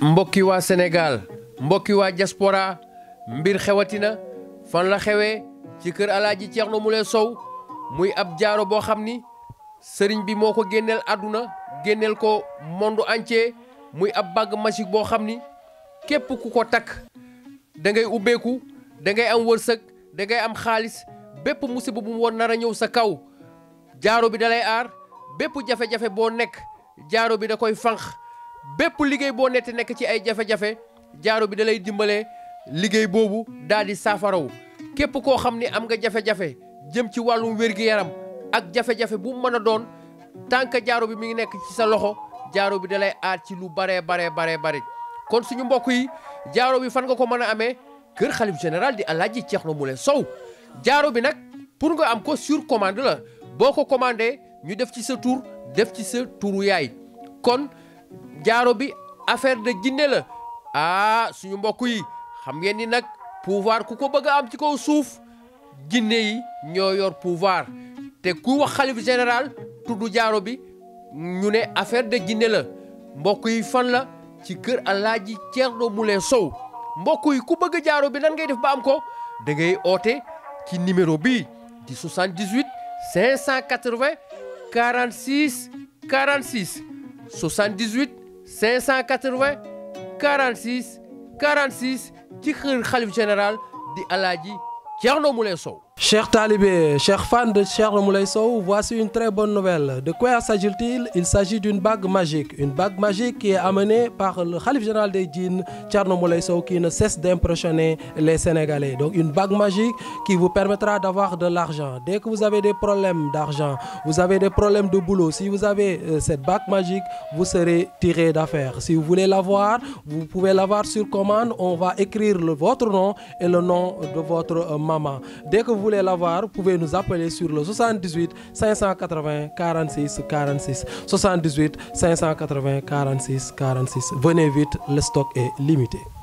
mbokki waa Sénégal mbokki waa diaspora mbir xewatina fan la xewee ci kër na mu Moule Sow muy ab jaaro boo xam ni sëriñ bi moo ko génneel àdduna génneel ko monde entier muy ab bague magique boo xam ni képp ku ko takk da ngay ubbeeku dangay ngay am wërsëg da ngay am xaalis bépp musiba bu mu woon nar a ñëw sa kaw jaaro bi dalay aar bépp jafe-jafe boo nekk jaaro bi da koy fanq bépp liggéey boo nette nekk ci ay jafejafe jaaro bi da lay dimbale liggéey boobu daal di saafarawu képp koo xam ni am nga jafejafe jëm ci wàllum wér-gi-yaram ak jafejafe jafe bu mën a doon tànk jaaro bi mi ngi nekk ci sa loxo jaaro bi da lay aar ci lu baree baree baree bare kon suñu mbokk yi jaaro bi fan nga ko mën a amee kër xalif général di Alaaji Ceerno Moule Sow jaaro bi nag pour nga am ko sur commande la boo ko commandé ñu def ci sa def ci sa turu jaaro bi affaire de jinne la ah suñu mbokk yi xam ngeen ni nag pouvoir ku ko bëgg am ci kaw suuf jinne yi ñoo yor pouvoir te ku wax xalif général tudd jaaro bi ñu ne affaire de jinne la mbokk yi fan la ci kër Alaaji mu Moule Sow mbokk yi ku bëgg jaaro bi nan ngay def ba am ko da ngay oote ci numéro bii di 78 580 46 46 580 46 46 ci xër xalif général di alaaji mu Moule Sow Chers talibés, chers fans de Cheikh Moulay Sow, voici une très bonne nouvelle. De quoi s'agit-il? Il, Il s'agit d'une bague magique, une bague magique qui est amenée par le khalife général des djinns, Cheikh qui ne cesse d'impressionner les Sénégalais. Donc une bague magique qui vous permettra d'avoir de l'argent. Dès que vous avez des problèmes d'argent, vous avez des problèmes de boulot, si vous avez euh, d'affaire. Si vous voulez l'avoir, vous pouvez voulez l'avoir, vous pouvez nous appeler sur le 78 580 46 46 78 580 46 46 venez vite le est limité